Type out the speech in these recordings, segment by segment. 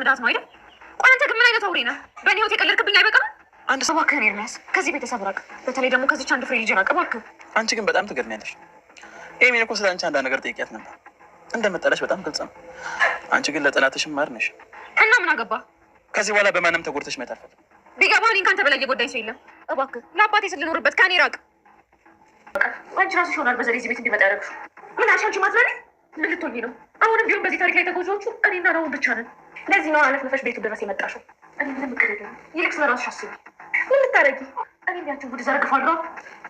መዳት ነው አይደል? ቆይ አንተ ግን ምን አይነት አውሬ ነህ? በእኔ ህይወት የቀለድክብኝ አይበቃም? አንድ ሰው እባክህን ኤርሚያስ፣ ከዚህ ቤተሰብ ራቅ። በተለይ ደግሞ ከዚች አንድ ፍሬ ልጅ ራቅ እባክህ። አንቺ ግን በጣም ትገርሚያለሽ። ኤሚን እኮ ስለ አንቺ አንዳንድ ነገር ጠይቂያት ነበር። እንደምጠላሽ በጣም ግልጽ ነው። አንቺ ግን ለጠላትሽ ማር ነሽ። እና ምን አገባ? ከዚህ በኋላ በማንም ተጎድተሽ መታፈል ቢገባ እኔን ከአንተ በላይ የጎዳኝ ሰው የለም። እባክህ ለአባቴ ስልኖርበት ከኔ ራቅ። አንቺ ራስሽ ይሆናል በዘዴ እዚህ ቤት እንዲመጣ ያደረግሽው። ምን አሻንቺ ማዝበሪ ምን ልትሆኚ ነው? አሁንም ቢሆን በዚህ ታሪክ ላይ ተጎጂዎቹ እኔና ናሆም ብቻ ነን። ለዚህ ነው አለት ነፈሽ ቤቱ ድረስ የመጣሽው። ይልቅ ስለ ራስሽ አስቢ። ምን ልታደርጊ? እኔ ቢያንቺ ጉድ ዘርግፋለሁ።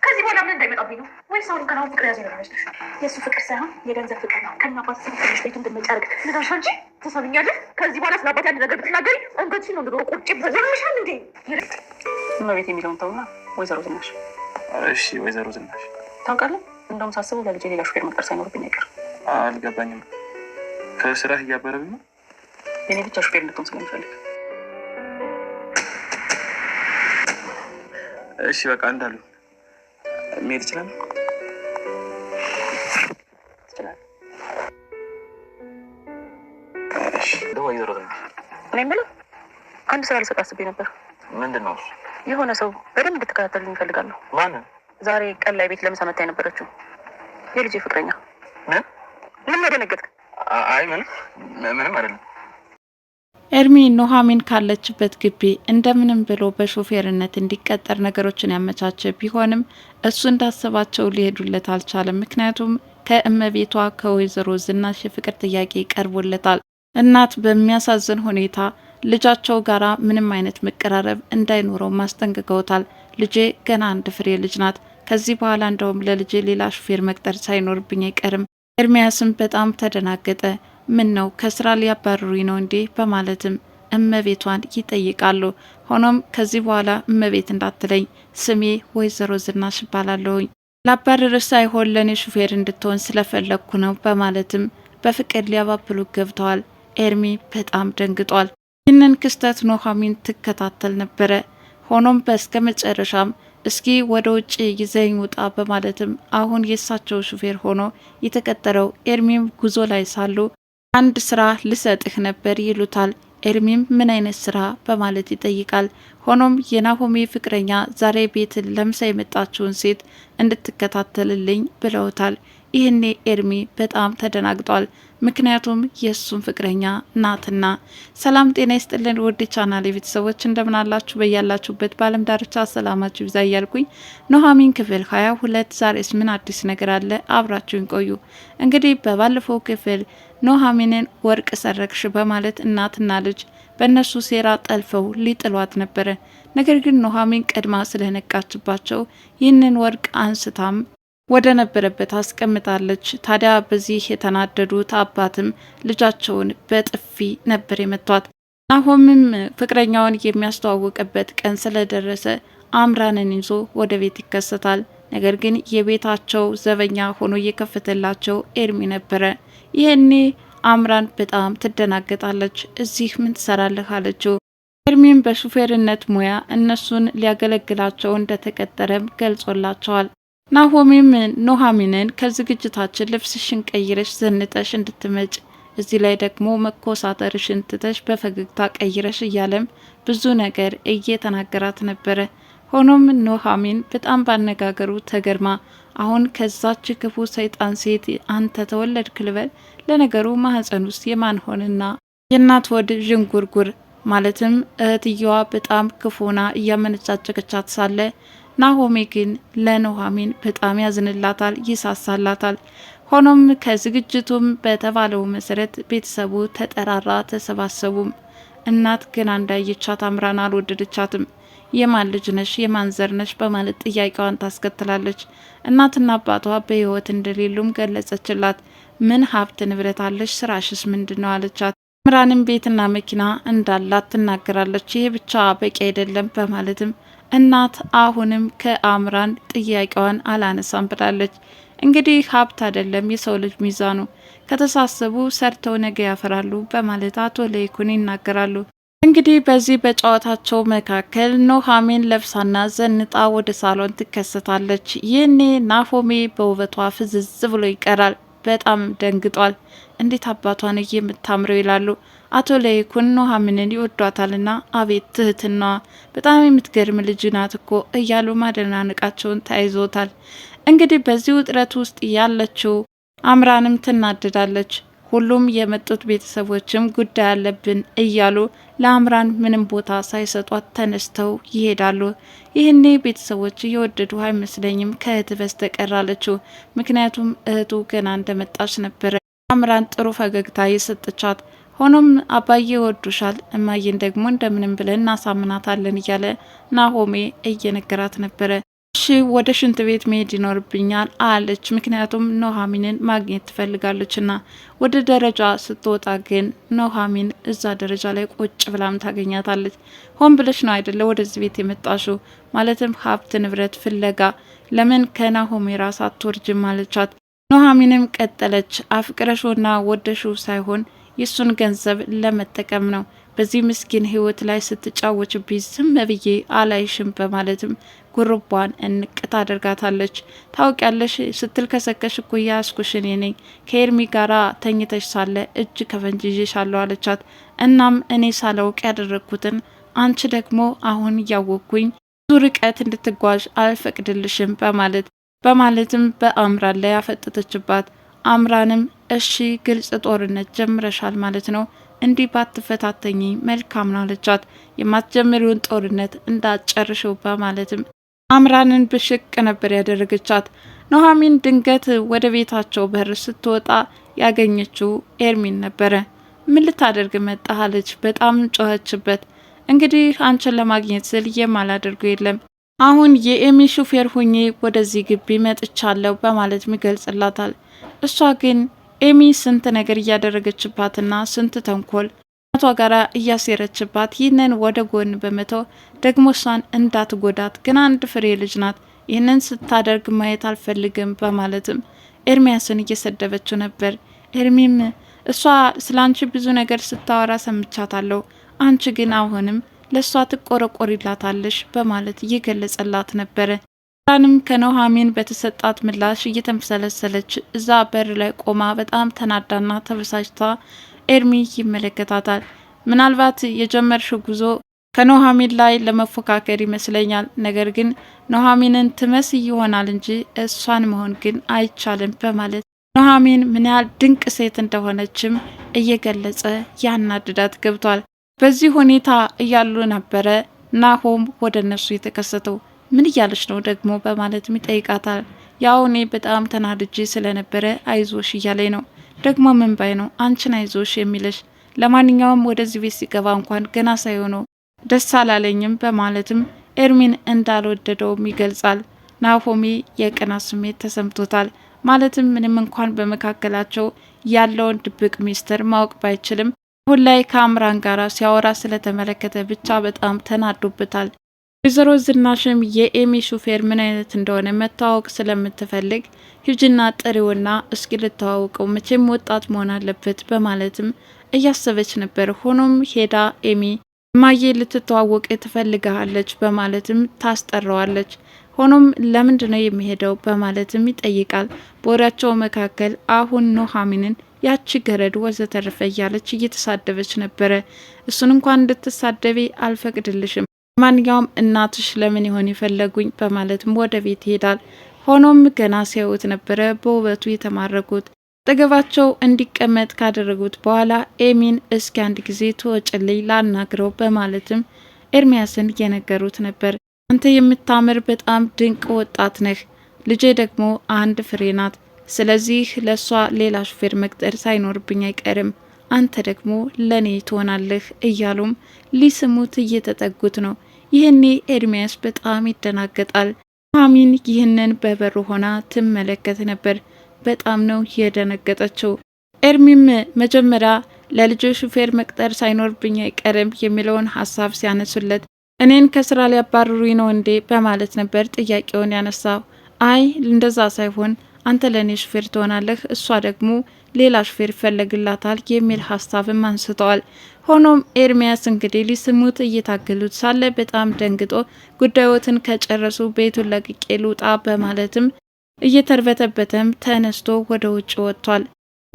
ከዚህ በኋላ ምን እንዳይመጣብኝ ነው ወይ ሰውን ከናሁ ፍቅር ያዘ ነው ይመስልሽ? የእሱ ፍቅር ሳይሆን የገንዘብ ፍቅር ነው። ከናባት ስሽ ቤቱ እንድመጫርግ ልዳሻ እንጂ ተሰብኛለ። ከዚህ በኋላ ስናባት ያለ ነገር ብትናገሪ አንገትሽ ነው እንደሮ ቁጭ ይበዘርምሻል። እንዴ ይልቅ እመቤት የሚለውን ተውና ወይዘሮ ዝናሽ። እሺ ወይዘሮ ዝናሽ ታውቃለህ፣ እንደውም ሳስበው ለልጄ ሌላ ሹፌር መቅጠር ሳይኖርብኝ አይቀር። አልገባኝም። ከስራህ እያበረብኝ ነው እኔ ብቻ ሹፌር እንድትሆን ስለምፈልግ። እሺ በቃ እንዳሉ መሄድ ይችላል። እኔ የምለው አንድ ስራ ልሰጥ አስቤ ነበር። ምንድን ነው? የሆነ ሰው በደንብ እንድትከታተልልኝ እፈልጋለሁ። ማንን? ዛሬ ቀን ላይ ቤት ለምሳ መታ የነበረችው የልጅ ፍቅረኛ። ምን? ምን ደነገጥክ? አይ ምንም ምንም አይደለም። ኤርሚ ኑሐሚን ካለችበት ግቢ እንደምንም ብሎ በሾፌርነት እንዲቀጠር ነገሮችን ያመቻቸ ቢሆንም እሱ እንዳሰባቸው ሊሄዱለት አልቻለም። ምክንያቱም ከእመቤቷ ከወይዘሮ ዝናሽ የፍቅር ጥያቄ ቀርቦለታል። እናት በሚያሳዝን ሁኔታ ልጃቸው ጋር ምንም አይነት መቀራረብ እንዳይኖረው ማስጠንቅቀውታል። ልጄ ገና አንድ ፍሬ ልጅ ናት። ከዚህ በኋላ እንደውም ለልጄ ሌላ ሹፌር መቅጠር ሳይኖርብኝ አይቀርም። ኤርሚያስም በጣም ተደናገጠ። ምን ነው ከስራ ሊያባርሩኝ ነው እንዴ? በማለትም እመቤቷን ይጠይቃሉ። ሆኖም ከዚህ በኋላ እመቤት እንዳትለኝ ስሜ ወይዘሮ ዝናሽ እባላለሁኝ። ላባረር ሳይሆን ለእኔ ሹፌር እንድትሆን ስለፈለግኩ ነው በማለትም በፍቅር ሊያባብሉ ገብተዋል። ኤርሚ በጣም ደንግጧል። ይህንን ክስተት ኑሐሚን ትከታተል ነበረ። ሆኖም በስከ መጨረሻም እስኪ ወደ ውጭ ይዘኝ ውጣ በማለትም አሁን የእሳቸው ሹፌር ሆኖ የተቀጠረው ኤርሚም ጉዞ ላይ ሳሉ አንድ ስራ ልሰጥህ ነበር ይሉታል። ኤርሚም ምን አይነት ስራ በማለት ይጠይቃል። ሆኖም የናሆሜ ፍቅረኛ ዛሬ ቤትን ለምሳ የመጣችውን ሴት እንድትከታተልልኝ ብለውታል። ይህኔ ኤርሚ በጣም ተደናግጧል። ምክንያቱም የእሱን ፍቅረኛ ናትና። ሰላም ጤና ይስጥልን ውድ ቻናል የቤተሰቦች እንደምናላችሁ በያላችሁበት በአለም ዳርቻ ሰላማችሁ ይብዛ እያልኩኝ ኑሐሚን ክፍል ሀያ ሁለት ዛሬስ ምን አዲስ ነገር አለ? አብራችሁን ቆዩ። እንግዲህ በባለፈው ክፍል ኑሐሚንን ወርቅ ሰረቅሽ በማለት እናትና ልጅ በእነሱ ሴራ ጠልፈው ሊጥሏት ነበረ። ነገር ግን ኑሐሚን ቀድማ ስለነቃችባቸው ይህንን ወርቅ አንስታም ወደ ነበረበት አስቀምጣለች። ታዲያ በዚህ የተናደዱት አባትም ልጃቸውን በጥፊ ነበር የመቷት። ናሆምም ፍቅረኛውን የሚያስተዋውቅበት ቀን ስለደረሰ አምራንን ይዞ ወደ ቤት ይከሰታል። ነገር ግን የቤታቸው ዘበኛ ሆኖ እየከፈተላቸው ኤርሚ ነበረ። ይህኔ አምራን በጣም ትደናገጣለች። እዚህ ምን ትሰራለህ አለችው። ኤርሚም በሹፌርነት ሙያ እነሱን ሊያገለግላቸው እንደተቀጠረም ገልጾላቸዋል። ናሆሚም ኑሐሚንን ከዝግጅታችን ልብስሽን ቀይረሽ ዘንጠሽ እንድትመጭ እዚህ ላይ ደግሞ መኮሳተርሽን ትተሽ በፈገግታ ቀይረሽ እያለም ብዙ ነገር እየተናገራት ነበረ። ሆኖም ኑሐሚን በጣም ባነጋገሩ ተገርማ አሁን ከዛች ክፉ ሰይጣን ሴት አንተ ተወለድክ ልበል? ለነገሩ ማህፀን ውስጥ የማንሆንና የእናት ወድ ዥንጉርጉር ማለትም እህትየዋ በጣም ክፉና እያመነጫጨቀቻት ሳለ ናሆሜ ግን ለኑሐሚን በጣም ያዝንላታል፣ ይሳሳላታል። ሆኖም ከዝግጅቱም በተባለው መሰረት ቤተሰቡ ተጠራራ፣ ተሰባሰቡም። እናት ግን አንዳየቻት አምራን አልወደደቻትም። የማን ልጅ ነሽ? የማን ዘር ነሽ? በማለት ጥያቄዋን ታስከትላለች። እናትና አባቷ በህይወት እንደሌሉም ገለጸችላት። ምን ሀብት ንብረት አለሽ? ስራሽስ ምንድን ነው? አለቻት። አምራንም ቤትና መኪና እንዳላት ትናገራለች። ይህ ብቻ በቂ አይደለም በማለትም እናት አሁንም ከአምራን ጥያቄዋን አላነሳም ብላለች። እንግዲህ ሀብት አይደለም የሰው ልጅ ሚዛኑ፣ ከተሳሰቡ ሰርተው ነገ ያፈራሉ በማለት አቶ ለይኩን ይናገራሉ። እንግዲህ በዚህ በጨዋታቸው መካከል ኑሐሚን ለብሳና ዘንጣ ወደ ሳሎን ትከሰታለች። ይህኔ ናፎሜ በውበቷ ፍዝዝ ብሎ ይቀራል። በጣም ደንግጧል። እንዴት አባቷን የምታምረው ይላሉ። አቶ ለይኩን ኑሐሚንን ይወዷታልና አቤት ትህትና በጣም የምትገርም ልጅ ናት እኮ እያሉ ማደናነቃቸውን ተያይዞታል። እንግዲህ በዚህ ውጥረት ውስጥ ያለችው አምራንም ትናደዳለች። ሁሉም የመጡት ቤተሰቦችም ጉዳይ አለብን እያሉ ለአምራን ምንም ቦታ ሳይሰጧት ተነስተው ይሄዳሉ። ይህኔ ቤተሰቦች እየወደዱ አይመስለኝም ከእህት በስተቀር አለችው። ምክንያቱም እህቱ ገና እንደመጣች ነበረ አምራን ጥሩ ፈገግታ የሰጠቻት። ሆኖም አባዬ ወዱሻል፣ እማዬን ደግሞ እንደምንም ብለን እናሳምናታለን እያለ ናሆሜ እየነገራት ነበረ። እሺ ወደ ሽንት ቤት መሄድ ይኖርብኛል አለች። ምክንያቱም ኖሃሚንን ማግኘት ትፈልጋለችና። ወደ ደረጃ ስትወጣ ግን ኖሃሚን እዛ ደረጃ ላይ ቁጭ ብላም ታገኛታለች። ሆን ብለሽ ነው አይደለ ወደዚህ ቤት የመጣሽው? ማለትም ሀብት ንብረት ፍለጋ ለምን ከናሆሜ ራስ አትወርጅም አለቻት። ኑሐሚንም ቀጠለች። አፍቅረሾና ወደሹ ሳይሆን የእሱን ገንዘብ ለመጠቀም ነው። በዚህ ምስኪን ህይወት ላይ ስትጫወችብኝ ዝም ብዬ አላይሽም በማለትም ጉርቧን እንቅት አድርጋታለች። ታውቂያለሽ ስትል ከሰከሽ እኮ ያስኩሽ ነኝ፣ ከኤርሚ ጋራ ተኝተሽ ሳለ እጅ ከፈንጅ ይዤሻለሁ አለቻት። እናም እኔ ሳላውቅ ያደረግኩትን አንቺ ደግሞ አሁን እያወቅኩኝ ብዙ ርቀት እንድትጓዥ አልፈቅድልሽም በማለት በማለትም በአምራን ላይ ያፈጠተችባት። አምራንም እሺ ግልጽ ጦርነት ጀምረሻል ማለት ነው እንዲህ ባትፈታተኝ መልካም ነው አለቻት። የማትጀምሪውን ጦርነት እንዳጨርሽው በማለትም አምራንን ብሽቅ ነበር ያደረገቻት። ኑሐሚን ድንገት ወደ ቤታቸው በር ስትወጣ ያገኘችው ኤርሚን ነበረ። ምን ልታደርግ መጣህ አለች። በጣም ጮኸችበት። እንግዲህ አንቺን ለማግኘት ስል የማላደርገው የለም አሁን የኤሚ ሹፌር ሁኜ ወደዚህ ግቢ መጥቻለሁ በማለት ይገልጽላታል። እሷ ግን ኤሚ ስንት ነገር እያደረገችባትና ስንት ተንኮል ቷ ጋር እያሴረችባት ይህንን ወደ ጎን በመተው ደግሞ እሷን እንዳትጎዳት ግን አንድ ፍሬ ልጅ ናት፣ ይህንን ስታደርግ ማየት አልፈልግም በማለትም ኤርሚያስን እየሰደበችው ነበር። ኤርሚም እሷ ስለ አንቺ ብዙ ነገር ስታወራ ሰምቻታለሁ፣ አንቺ ግን አሁንም ለእሷ ትቆረቆሪላታለሽ በማለት እየገለጸላት ነበረ። ታንም ከኑሐሚን በተሰጣት ምላሽ እየተምሰለሰለች እዛ በር ላይ ቆማ በጣም ተናዳና ተበሳጭታ ኤርሚ ይመለከታታል። ምናልባት የጀመርሽው ጉዞ ከኑሐሚን ላይ ለመፎካከር ይመስለኛል። ነገር ግን ኑሐሚንን ትመስ ይሆናል እንጂ እሷን መሆን ግን አይቻልም በማለት ኑሐሚን ምን ያህል ድንቅ ሴት እንደሆነችም እየገለጸ ያናድዳት ገብቷል። በዚህ ሁኔታ እያሉ ነበረ ናሆም ወደ እነሱ የተከሰተው። ምን እያለች ነው ደግሞ በማለትም ይጠይቃታል። ያው እኔ በጣም ተናድጄ ስለነበረ አይዞሽ እያለኝ ነው። ደግሞ ምን ባይ ነው አንቺን አይዞሽ የሚለሽ? ለማንኛውም ወደዚህ ቤት ሲገባ እንኳን ገና ሳይሆነው ደስ አላለኝም በማለትም ኤርሚን እንዳልወደደውም ይገልጻል። ናሆሜ የቅናት ስሜት ተሰምቶታል። ማለትም ምንም እንኳን በመካከላቸው ያለውን ድብቅ ሚስጥር ማወቅ ባይችልም አሁን ላይ ከአምራን ጋር ሲያወራ ስለተመለከተ ብቻ በጣም ተናዶበታል። ወይዘሮ ዝናሽም የኤሚ ሹፌር ምን አይነት እንደሆነ መታወቅ ስለምትፈልግ ሂጅና ጥሪውና እስኪ ልተዋወቀው፣ መቼም ወጣት መሆን አለበት በማለትም እያሰበች ነበር። ሆኖም ሄዳ ኤሚ እማዬ ልትተዋወቅ ትፈልግሃለች በማለትም ታስጠራዋለች። ሆኖም ለምንድ ነው የሚሄደው በማለትም ይጠይቃል። በወሬያቸው መካከል አሁን ኑሐሚንን ያቺ ገረድ ወዘተርፈ እያለች እየተሳደበች ነበረ። እሱን እንኳን እንድትሳደቤ አልፈቅድልሽም፣ ማንኛውም እናትሽ ለምን ይሆን የፈለጉኝ በማለትም ወደ ቤት ይሄዳል። ሆኖም ገና ሲያዩት ነበረ በውበቱ የተማረኩት። አጠገባቸው እንዲቀመጥ ካደረጉት በኋላ ኤሚን እስኪ አንድ ጊዜ ትወጭልኝ ላናግረው በማለትም ኤርሚያስን እየነገሩት ነበር። አንተ የምታምር በጣም ድንቅ ወጣት ነህ። ልጄ ደግሞ አንድ ፍሬ ናት። ስለዚህ ለእሷ ሌላ ሹፌር መቅጠር ሳይኖርብኝ አይቀርም። አንተ ደግሞ ለእኔ ትሆናለህ እያሉም ሊስሙት እየተጠጉት ነው። ይህኔ ኤርሚያስ በጣም ይደናገጣል። ኑሐሚን ይህንን በበሩ ሆና ትመለከት ነበር። በጣም ነው የደነገጠችው። ኤርሚም መጀመሪያ ለልጆ ሹፌር መቅጠር ሳይኖርብኝ አይቀርም የሚለውን ሀሳብ ሲያነሱለት እኔን ከስራ ሊያባርሩኝ ነው እንዴ በማለት ነበር ጥያቄውን ያነሳው። አይ እንደዛ ሳይሆን አንተ ለእኔ ሹፌር ትሆናለህ፣ እሷ ደግሞ ሌላ ሹፌር ይፈለግላታል የሚል ሀሳብም አንስተዋል። ሆኖም ኤርሚያስ እንግዲህ ሊስሙት እየታገሉት ሳለ በጣም ደንግጦ ጉዳዮትን ከጨረሱ ቤቱን ለቅቄ ልውጣ በማለትም እየተርበተበተም ተነስቶ ወደ ውጭ ወጥቷል።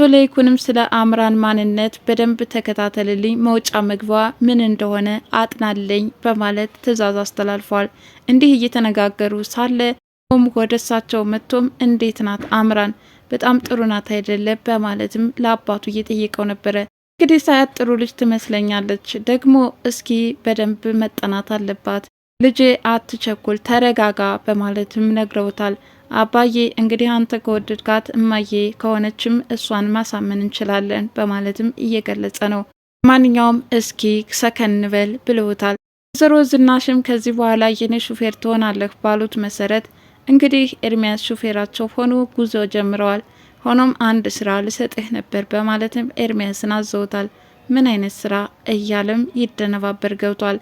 ሶለይኩንም ስለ አምራን ማንነት በደንብ ተከታተልልኝ፣ መውጫ መግቧ ምን እንደሆነ አጥናለኝ በማለት ትዕዛዝ አስተላልፏል። እንዲህ እየተነጋገሩ ሳለ ሆም ወደ እሳቸው መጥቶም እንዴት ናት አምራን በጣም ጥሩ ናት አይደለ? በማለትም ለአባቱ እየጠየቀው ነበረ። እንግዲህ ሳያት ጥሩ ልጅ ትመስለኛለች፣ ደግሞ እስኪ በደንብ መጠናት አለባት ልጄ፣ አትቸኩል፣ ተረጋጋ በማለትም ነግረውታል። አባዬ እንግዲህ አንተ ከወደድካት እማዬ ከሆነችም እሷን ማሳመን እንችላለን በማለትም እየገለጸ ነው። ማንኛውም እስኪ ሰከንበል ብለውታል። ወይዘሮ ዝናሽም ከዚህ በኋላ የኔ ሹፌር ትሆናለህ ባሉት መሰረት እንግዲህ ኤርሚያስ ሹፌራቸው ሆኖ ጉዞ ጀምረዋል። ሆኖም አንድ ስራ ልሰጥህ ነበር በማለትም ኤርሚያስን አዘውታል። ምን አይነት ስራ እያለም ይደነባበር ገብቷል።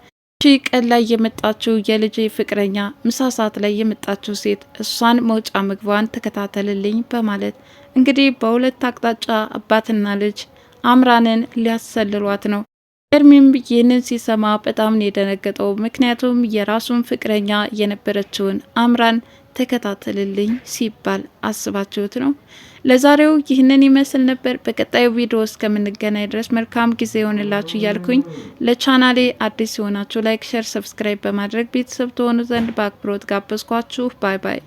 ቀን ላይ የመጣችው የልጅ ፍቅረኛ ምሳ ሰዓት ላይ የመጣችው ሴት እሷን መውጫ ምግቧን ተከታተልልኝ በማለት እንግዲህ በሁለት አቅጣጫ አባትና ልጅ አምራንን ሊያሰልሏት ነው። ኤርሚም ይህንን ሲሰማ በጣም ነው የደነገጠው። ምክንያቱም የራሱን ፍቅረኛ የነበረችውን አምራን ተከታተልልኝ ሲባል አስባችሁት ነው። ለዛሬው ይህንን ይመስል ነበር። በቀጣዩ ቪዲዮ እስከምንገናኝ ድረስ መልካም ጊዜ ይሆንላችሁ እያልኩኝ ለቻናሌ አዲስ የሆናችሁ ላይክ፣ ሸር፣ ሰብስክራይብ በማድረግ ቤተሰብ ተሆኑ ዘንድ በአክብሮት ጋበዝኳችሁ። ባይ ባይ።